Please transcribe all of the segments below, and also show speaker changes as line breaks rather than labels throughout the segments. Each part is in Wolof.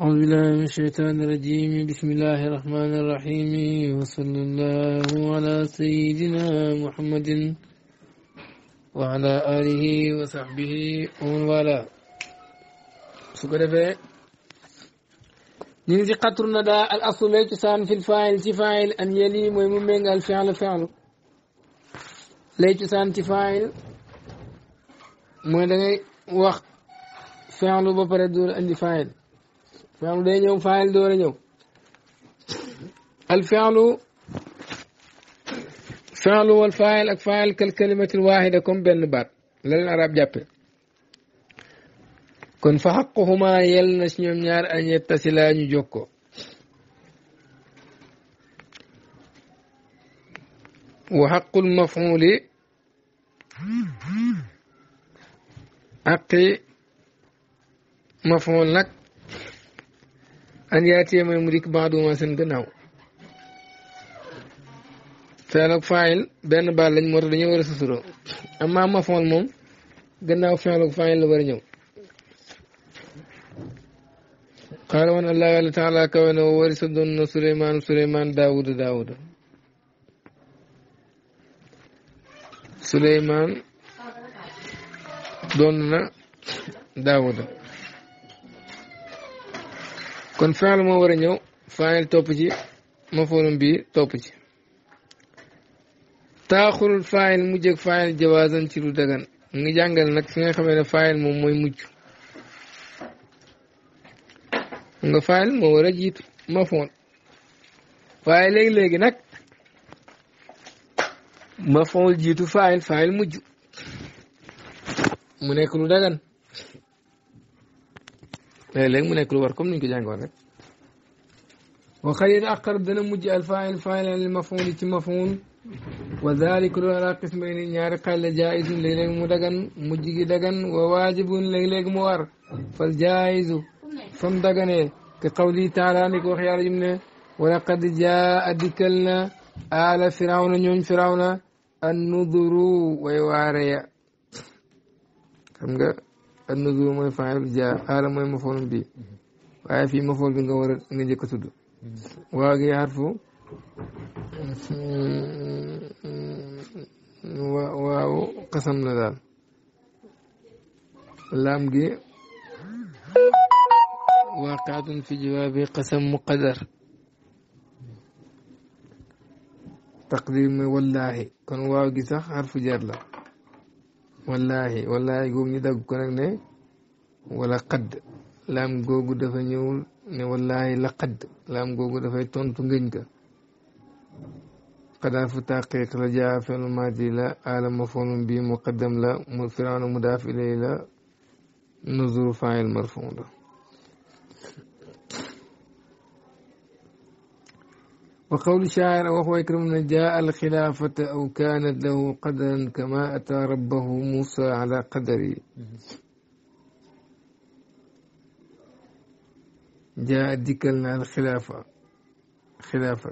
أعوذ بالله من الشيطان الرجيم بسم الله الرحمن الرحيم وصلى الله على سيدنا محمد وعلى آله وصحبه ومن والاه شكرا نيجي قطرنا دا الأصل ميت سان في الفاعل تفاعل أن يلي ميمون بين الفعل فعل ليت سان تفاعل مو دا واخ فعل بفردور أن فاعل فعل دي نيو فاعل دورا نيو الفعل فعل والفاعل اكفاعل كالكلمة الواحدة كم بين بار لن عرب جابي كن فحقهما يلنا شنو نيار ان يتصلا ني جوكو وحق المفعول حق مفعول لك an yaatiyee mooy mu dikk baaduma seen gannaaw te nag faayil benn baat lañ moo tax dañoo war a susuroo amma mafoon moom gannaaw fi'il faayil la war a ñëw qaala woon allah yàlla taala kawe na wa warisa doon suleymaan suleymaan daawuda daawuda suleymaan doon daawuda kon faal moo war a ñëw faayil topp ci mafoolum bi topp ci taaxurul faayil mujjëg faayil jawaazan ci lu dagan ngi jàngal nag ki nga xamee ne faayil moom mooy mujj nga faayil moo war a jiitu mafool waaye léegi-léegi nag mafool jiitu faayil faayil mujj mu nekk lu dagan Eh, léeg-léeg mu nekk lu war al mafuun ci mafuun wa zalika loolu ala ñaari xaaj la jaisun mu dagan mujj gi dagan wa waajibun léeg-léeg mu war fal jaisu fam daganee te qawli taala wax yàlla jum ne wa jaa dikkal na aala firawna ñooñ firawna an nuduru way waare ak nuzul mooy fa'il jaa aala mooy mafoolum mm-hmm. bi waaye fii mafool bi nga war a nga njëkk a tudd mm-hmm. waaw gi harfu waaw xasam la daal laam gi waaqiatun fi jawaabi qasam muqadar taqdir mooy wallaahi kon waaw gi sax harfu jar la wallaahi wallaahi googu ñu dagg ko nag ne wala xadd laam googu dafa ñëwul ne wallaahi la xadd laam googu dafay tontu ngëñ ka xadaafu taqiq la jaa maati la aala mafonum bi muqaddam la mu firaanu mudaaf la nuzur faayil marfon la وقول شاعر وهو يكرم من جاء الخلافة أو كانت له قدرا كما أتى ربه موسى على قدري جاء ديكلنا الخلافة خلافة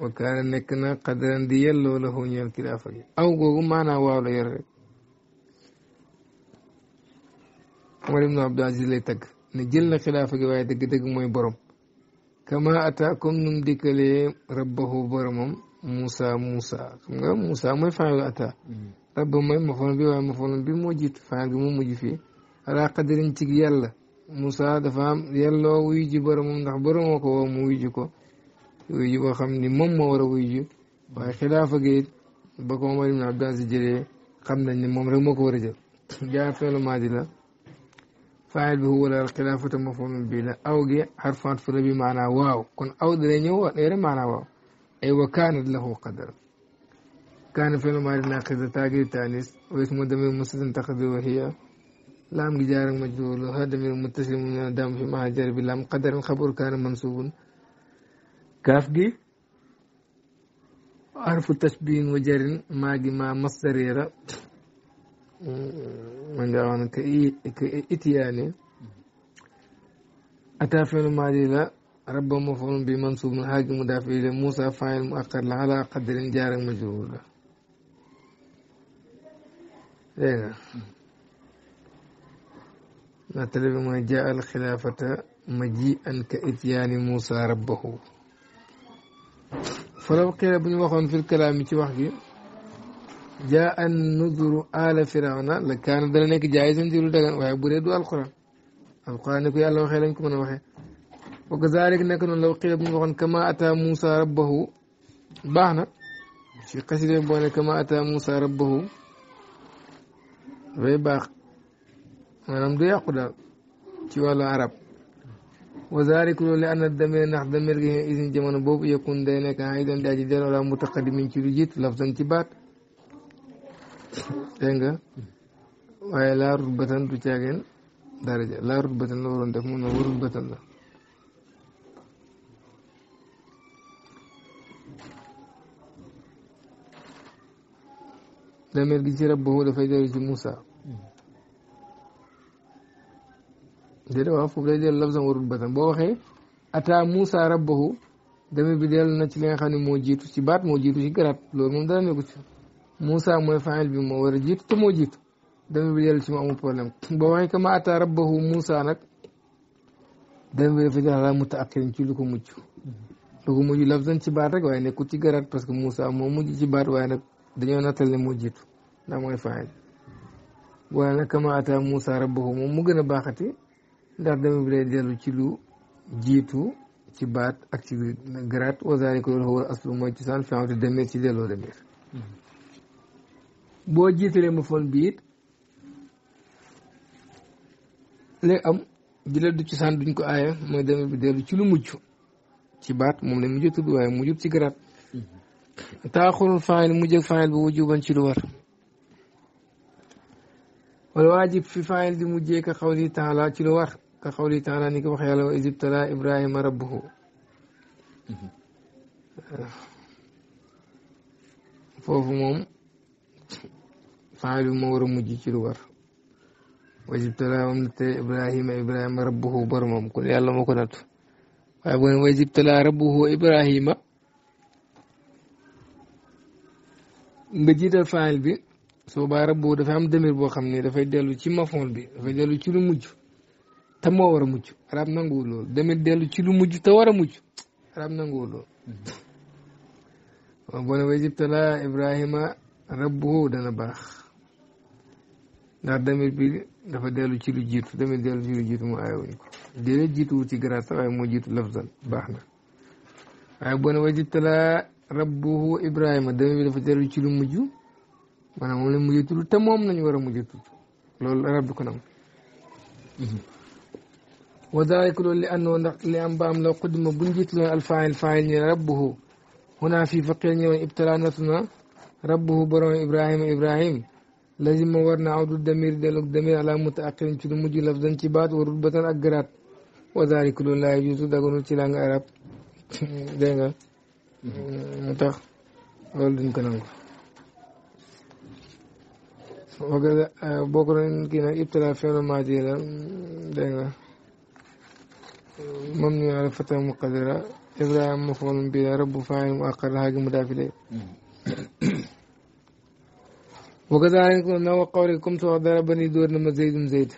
وكان نكنا قدرا ديالو له نيا الخلافة أو قوم ما ناوالو يرغي ولم عبد العزيز ليتك نجلنا خلافة قوية دك دك kama ataakum num dikkalee rabbahu boromam Moussa Moussa musa nga Moussa mooy faalu ata mm. rabba ma mafoon bi waaye mafoon bi moo jiitu faal bi moo mujj fii alaa qadarin cig yàlla Moussa dafa am yàlloo wuyu ji boromam ndax boromoo ko woo mu wuyu ko wuyu ji boo xam ni moom moo war a wuyu ji waaye xilaafa gi it ba ko Omar ibn Abdou Aziz jëlee xam nañ ne moom rek moo ko war a jël jaar feelu فاعل به ولا الخلافة مفهوم بلا أوجع حرف عطف ربي معنى واو كن أو دلنيو غير معنى واو أي وكان له قدر كان في المال ناقض تاجر تانيس واسم دمير المسلم تقدر وهي لام جار مجدول هذا من المتسلم من دم في مهاجر بلام قدر خبر كان منصوب كاف جي حرف التشبين وجر ما جي ما مصدر يرى man daa wax ne que i itiyaane ataa feelu maadi la rabba maf'uulun bi mansuubun haagi mudaaf ilayhi Muusaa faa'il mu'akkar la alaa qadarin jaar ak majruur la dégg nga nattale bi mooy jaa al xilaafata maji'an ka itiyaani Muusaa rabbahu falaw qiila bu ñu waxoon fil kalaami ci wax gi jaa an nuduru ala firawna la kaana dana nekk jaay seen dagan waaye bu dee du alquran alquran ni ko yàlla waxee lañ ko mën a waxee wa kazalik nekk noonu law xiila bu ñu waxoon kama ata Moussa rabbahu baax na ci xaside boo ne kama ata Moussa rabbahu dafay baax du yàqu daal ci wàllu arab wa zalik loolu li anna damir ndax damir gi isin jamono boobu yëkkun day nekk ay doon daa ji den ci lu jiit lafzan ci baat dégg nga waaye laa rut batan du caageen daraja laa rut batan la waroon def mun na warut batan la dameel gi ci rab boobu dafay dellu ci Moussa déedéet waaw foofu day dellu lafzan warut batan boo waxee ataa Moussa rabbahu dameel bi dellu na ci li nga xam ne moo jiitu ci baat moo jiitu ci garaat loolu moom dara nekku ci Moussa mooy faayil bi moo war a jiitu te moo jiitu dama bi dellu ci mu amul problème ba waaye kama ata rabbahu Moussa nag dama bi dafa jox la mutaakirin ci baat rek waaye nekkul ci garaat parce que Moussa moo mujj ci baat waaye nag dañoo nattal ne moo jiitu ndax mooy faayil waaye nag kama ata Moussa rabbahu moom mu gën a baaxati ndax dama bi day dellu ci lu jiitu ci baat ak ci garaat wa zaalika loolu huwa aslu mooy cosaan fi amati demir ci delloo demir boo jiitalee ma fon bi it léegi am jële du ci duñ ko aaye mooy demee bi dellu ci lu mujj ci baat moom la mujj tudd waaye mujjub ci garaat taaxurul faayil mujjëg faayil bi wujuban ci lu war wala waajib fi faayil di mujjee ka xawli laa ci lu war ka xawli taala ni ko wax yàlla wa isibtala ibrahima rabbuhu mhm. foofu moom faalu moo war a mujj ci lu war wajibtalaa moom te ibrahima ibrahima moo ko nattu waaye bu ne wajibtalaa rabbuhu ibrahima nga jiital faayil bi soo baa rabbuhu dafay am demir boo xam ne dafay dellu ci mafoon bi dafay dellu ci lu mujj te moo war a mujj arab nanguwul loolu demir dellu ci lu mujj te war a mujj arab nanguwul loolu waaw bu ne wajibtalaa ibrahima rabbuhu dana baax ndax bi dafa dellu ci lu jiitu damir dellu ci lu jiitu mu aayewuñu ko déedéet jiituwul ci garaat waaye moo jiitu lafzan baax na waaye boo ne wajitala dafa dellu ci lu mujj maanaam moom la mujj tudd te nañu war a mujj tudd loolu arab du ko nam wa dalika loolu li àndoo ndax li am ba ibrahim lazima war na awdu damir delloog damir ala mutaaxirin ci lu mujj lafdan ci baat wa rutbatan ak garaat wa zaalika loolu laa yajuuzu ci langue arab dégg nga mu mhm. tax loolu euh, kii nag ibtala feenu maadi la dégg nga moom ñu ala fata muqadara ibrahima mafoolum bi la mu aqar xaagi mu daafile mhm. وكذلك أنه قولكم ضربني دور نما زيد زيد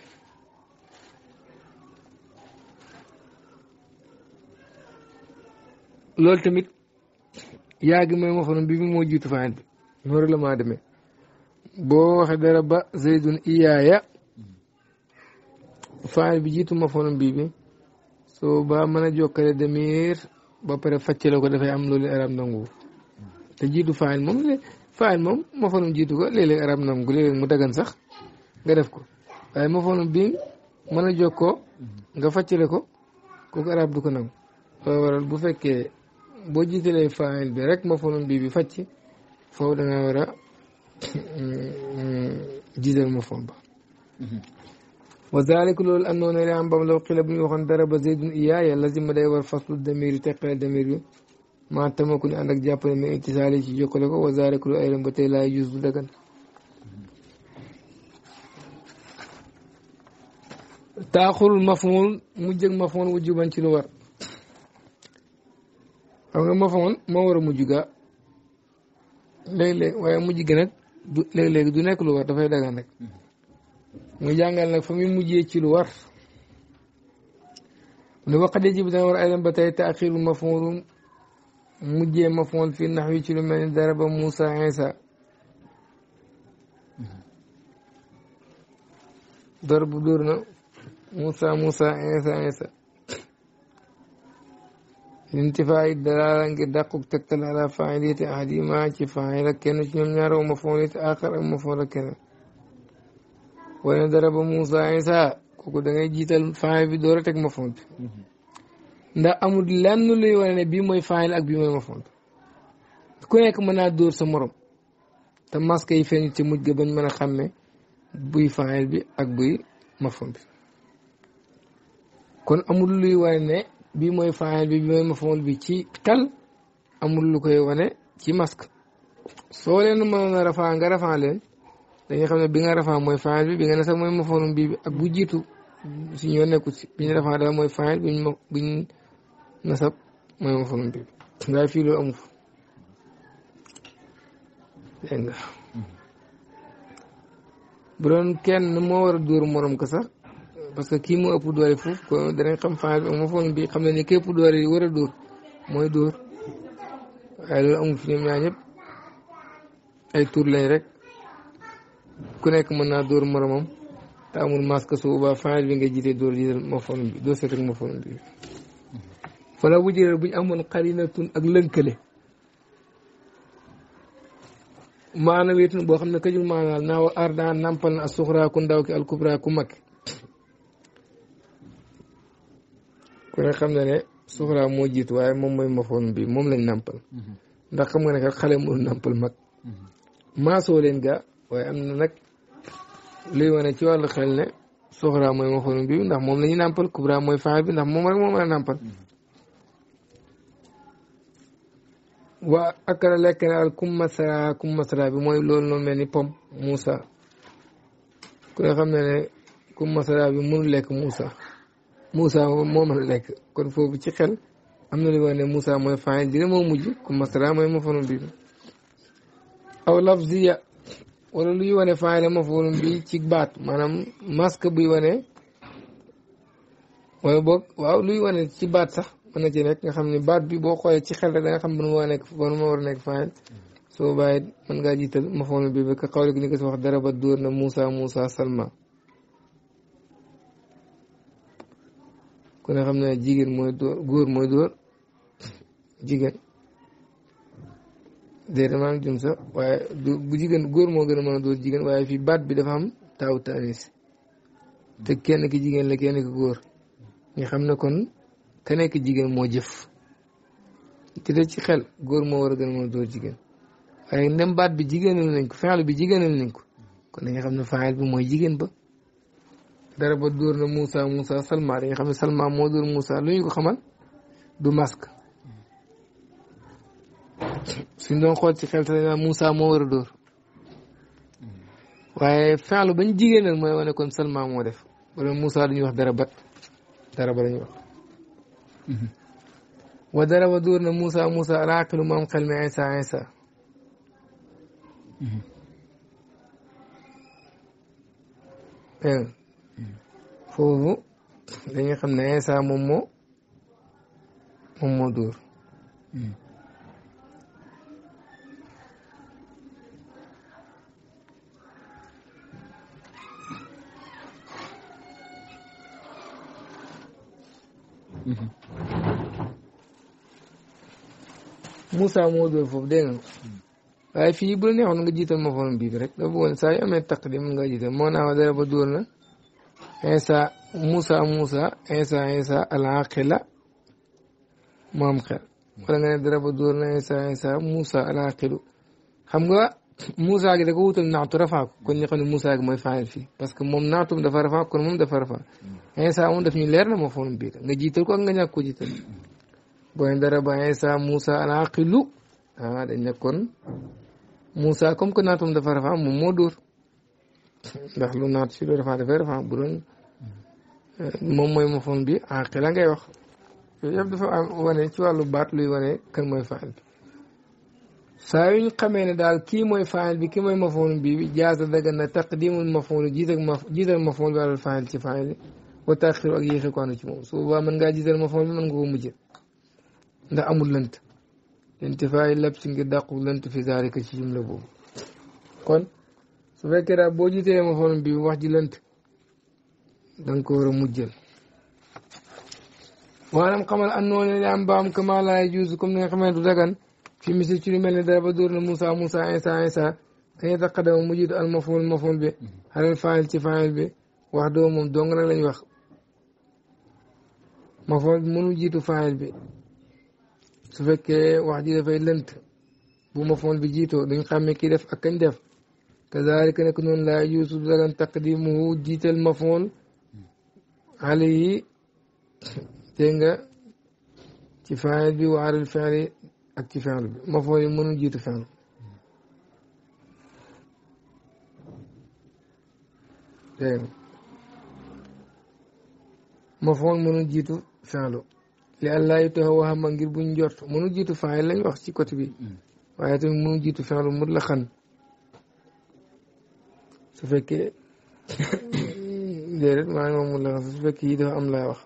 loolu tamit yaa gi mooy maforom bi moo jiitu faan bi noonu la maa demee boo waxee dara ba iyaaya faan bi jiitu maforom bii bi soo ba mën a jokkale demir ba pare fàccale ko dafay am loolu arab nangu te jiitu faan moom ne faayil moom moo fanum jiitu ko léeg-léeg arab nam mu dagan sax nga def ko waaye moo fanum bi mën a ko nga fàccale ko kooku arab du ko nangu loolu waral bu fekkee boo jiitalee faayil bi rek moo fanum bii bi fàcc foofu dangaa war a mm, jiital moo fon ba wa zalik loolu andoona am bam law xila bu ñu waxoon daraba zaydun iyaaya lazima day war faslu damir yi teqale damir bi maa tama ku ñu ànd ak jàppale mais itisaali ci jokkale ko wasaare ku ay ba tey laay jus du dagan taaxurul mafoon mujj ak mafoon wujjuban ci lu war xam nga mafoon moo war a mujj ga léeg-léeg waaye mujj gi nag du léeg nekk lu war dafay dagan rek mu jàngal nag fa muy mujjee ci lu war ne waqat ji dana war ay ba tey taaxirul mafoon mujjee ma foon fi nax wi ci lu mel ni daraba Moussa Insa darbu dóor na Moussa Moussa Insa Insa lintifaay dalaala ngir dàquk tegtal ala failiyati ahadima ci fail ak kenn ci ñoom ñaar ma foon it aaxar ak ma foon ak kenn wala daraba Moussa Insa kooku da ngay jiital fail bi door a ma foon ndax amul lenn luy wane bii mooy faayil ak bii mooy mafoon mën naa dóor sa morom te masque yi feeñ ci mujj bañ mën a xàmme buy faayil bi ak buy mafoon kon amul luy wane ne bii mooy faayil bi bii mooy bi ci xel amul lu koy wane ci masque soo leen mënoon a rafaa nga rafaa leen dañuy xam ne bi nga rafaa mooy faayil bi bi nga ne sax mooy mafoon bi ak bu jiitu si ñoo nekkul bi ñu rafaa daal mooy faayil bi nasab mooy mafoon bi waaye fii loolu bu doon kenn moo war a dóor moroom ko sax parce que kii moo ëpp doole foofu xam bi mafoon bi xam ne ni képp doole yi war a dóor mooy dóor amu ay tur lañ rek ku nekk man naa dóor moromam te amul masque su boobaa faa bi nga jiite dóor jiital mafoon bi doo seet rek bi fala wujjee bu ñu amoon xarinatun ak lënkale maana wéetun boo xam ne këjul maanaal naa wa arda nampal na asuxra ndaw ki alkubra ku mag ku ne xam na ne suxra moo jiit waaye moom mooy mafoon bi moom lañ nampal mhm. ndax xam nga ne kat xale mënu nampal mag mhm. maasoo leen gaa waaye am na nag luy wane ci wàllu xel ne suxra mooy mafoon bi ndax moom la ñuy nampal kubra mooy faa ndax moom rek moo mën nampal mhm. waa akara lekk naa al kum masara kum masara bi mooy loolu noonu mel pom Moussa ku ne xam ne ne kum masara bi mënul lekk Moussa Moussa moo mën a lekk kon foofu ci xel am na lu wax ne Moussa mooy fayil dina moo mujj kum masara mooy mafoonu bi aw lafziya wala luy wane fayil mafoonu bi ci baat maanaam masque buy wane wala boog luy wane ci baat sax mën na ci nekk nga xam ni baat bi boo xoolee ci xel rek da nga xam ban moo nekk ban moo war a nekk faayil soo bàyyit mën ngaa jiital ma foon bi ba ka xawle ni ko si wax dara ba dóor na Moussa Moussa Salma ku ne xam ne jigéen mooy dóor góor mooy dóor jigéen déedéet maa ngi jum sax waaye bu jigéen góor moo gën a mën a dóor jigéen waaye fii baat bi dafa am taaw taanis te kenn ki jigéen la kenn ki góor nga xam ne kon te nekk jigéen moo jëf ti de ci xel góor moo war a gën a mën a dóor jigéen waaye ndem baat bi jigéenal nañ ko fexeel bi jigéenal nañ ko kon da nga xam ne fexeel bi mooy jigéen ba dara ba dóor na Moussa musa salmaa da nga xam ne Salma moo dóor Moussa lu ñu ko xamal du mask suñ doon xool ci xel te dañ moo war a dóor waaye fexeel bañ jigéenal mooy wane kon Salma moo def wala Moussa duñu wax dara ba dara ba la wax. ودر ودور موسى موسى العقل ما مقل مع عيسى عيسى ايه فوفو دنيا خمنا ممو ممو دور Moussa moo doon foofu dégg nga waaye fii bu la neexoon nga jiital ma xoon bii rek dafa woon saa yu amee taqdim nga jiital moo naa wa dara ba dóor na insa musa Moussa insa insa alaaqila mu am xel wala nga ne dara ba dóor na insa insa Moussa alaaqilu xam nga musa gi da ko wutal naatu rafaa ko kon ñu xam ne Moussa gi mooy faayal fii parce que moom naatum dafa rafaa kon moom dafa rafaa insa moom daf ñu leer na ma xoon bii nga jiital ko ak nga ñàkk ko jiital booy dara ba Isa Moussa al aqilu ah dañ ne kon Moussa comme que dafa rafaa moom moo dóor ndax lu naat si lu rafaa dafay rafaa bu doon eh, moom mooy mafoon bi aqila ngay wax yooyu yëpp dafa am wane ci wàllu baat luy wane kan mooy faal bi saa yuñ daal kii mooy faayil bi kii mooy mafoon bi jaasa dagan na mafoon jiital mafoon bi alal faayil ci faayil wa ak yéexe ko ànd ci moom su boobaa mën ngaa jiital mafoon bi mën nga دا امول لنت انتفاع اللبس ان قد اقول لنت في ذلك الشيء ملبوب كون سوفيك را بوجي تيما فون بي واحد لنت دنكور مجل وانم قمل انو لي ام بام كما لا يجوز كم ني خمن دغان في مثل تشري ملي دابا دورنا موسى موسى عيسى عيسى كان يتقدم مجيد المفعول المفعول به هل الفاعل تفاعل به وحده مم دونغ لا نيوخ مفعول منو جيتو فاعل به su fekkee wax ji dafay lënt bu mafoon bi jiitoo duñ xàmme ki def ak kañ def kazalika nekk noonu laa yuusu du dagan taqdimuhu jiital mafoon xale yi te nga ci faayil bi waaral fenli ak ci fenl bi mafoon yi mënul jiitu fenl dégg nga mafoon mënul jiitu fenlu li àllaa yi taxaw waxama ngir buñ jort mënu jiitu faayil lañ wax ci côté bi waaye tamit mënu jiitu fenlu mut la xan su fekkee déedéet maa ngi wax mut la xan su fekkee yi dafa am laay wax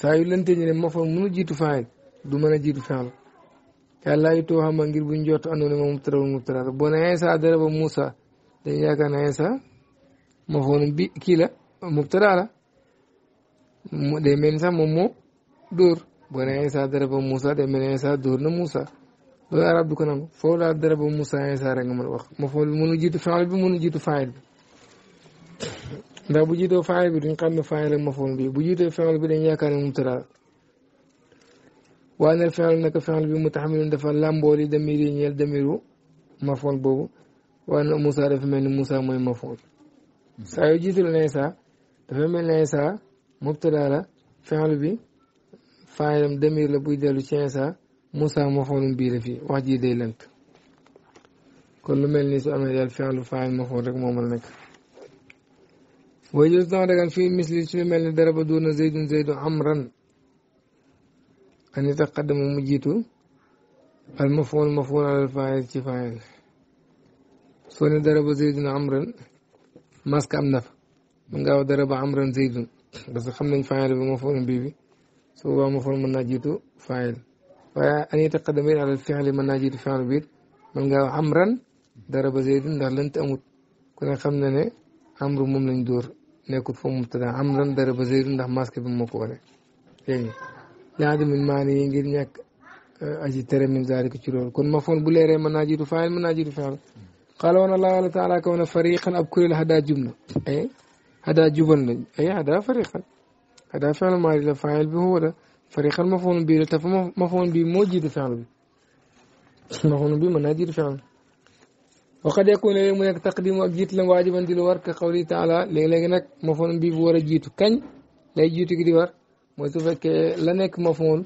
saa ne moo fa mënu jiitu faayil du mën a jiitu fenlu yàllaa yi ngir buñ jort andoona moom mubtadawul mubtada boo ne Iisaa daraba Muusaa dañu yaakaar ne Iisaa moo fa woon bi kii la mubtada la mu day mel ni sax moom moo dóor boo nee Isa daraba Moussa day mel ni Isa dóor na Moussa loolu a du ko nangu foofu laa daraba Moussa Isa rek nga mën a wax ma foofu mënu jiitu faayil bi mënu jiitu faayil bi ndax bu jiitoo faayil bi duñ xam ne faayil ak ma foofu bi bu jiitoo faayil bi dañ yaakaar ne mubtada waa bi mu taxamilun dafa làmboo li damir yi ñeel damiru mafoon boobu waaye nag Moussa dafa mel ni Moussa mooy mafoon saa yoo jiitu la ne saa dafa mel ne saa mubtada la fi'l bi faayilam demir la buy dellu ci Iisaa Muusaa maxoolum bii la fii wax jii day lënt kon lu mel ni su amee daal fi'l faayil maxool rek moom la nekk wajus dana dagan fii misli ci lu mel ni daraba duuna zaydun zaydun amran ani taqaddama mu jiitu al mafuul mafuul alal faayil ci faayil soo ne daraba zaydun amran maska am na fa mën ngaa wax daraba amran zaydun بس خمن فاعل بمفعول به سواء مفعول من نجد فاعل فأن يتقدم على الفعل من نجد فاعل به من قال عمرا ضرب زيد دار لن تموت كنا خمنا عمرو مم لن دور نكت فم مبتدا عمرا ضرب زيد دار ماسك بمقولة يعني لعد من معني يجد نك أجي ترى من ذلك تشرور كن مفعول بلير من نجد فاعل من نجد فاعل قالوا أن الله تعالى كون فريقا أبكر لهذا جملة إيه هذا جوفن اي هذا فريق هذا فعلا ما يلا فاعل به هو ده فريق المفهوم به التف مفهوم به موجود فعلا مفهوم به منادير فعلا وقد يكون يوم تقديم جيت لم واجبا دي الور كقوله تعالى لي نك مفهوم به ورا جيتو كان لا جيتو دي ور موي تو فك لا نك مفهوم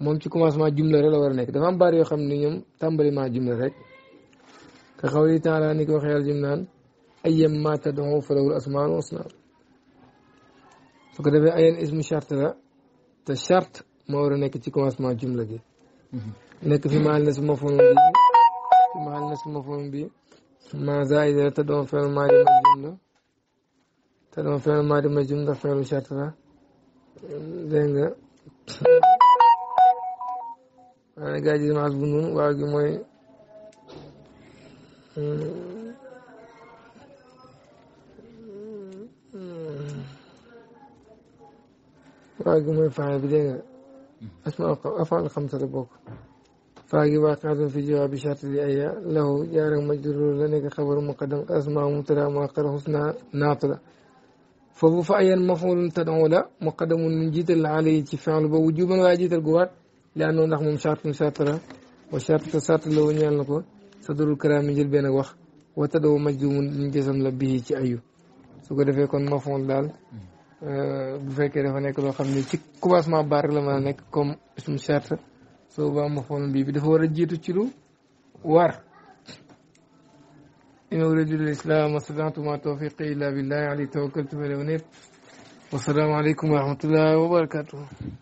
موم تي كوماسمان جمله لا ور نك دا فام بار يو خامني نيوم تامبلي ما جمله رك كقوله تعالى نيكو خيال جمنان ايما تدعو فله الاسماء الحسنى su ko defee ayen ismu charte la te charte moo war a nekk ci commencement jumla gi nekk fi maal na su mafoon bi bi ma zaida la te doon fenn maa di majum la te doon fenn maa di majum ndax fenn charte la bu nun waaw gi mooy وأقوم يفعل بدينا أسمع أفعل خمسة ربوك فاجي واقعة في جواب شرط لأيا له جار مجرور لنك خبر مقدم أسمع مبتدا مؤخر حسنى ناطلة فهو فأيا مفعول تدعو لا مقدم من جيت العالي تفعل فعل لا جيت القوات لأنه نحن شرط شاطرة وشرط شاطر لو نيال نقول صدر الكرام جل بينك وخ وتدعو مجزوم من جسم لبيه تأيو سوكو دفع مفعول دال Euh, bu fekkee dafa nekk loo xam ne ci commencement barak la mën nekk comme suñu charte soo ba ma xool bii bi dafa war a jiitu ci lu war in uridu lil islam mastata'tu ma tawfiqi illa billahi alayhi tawakkaltu wa ilayhi unib wa salaamu alaykum wa rahmatullahi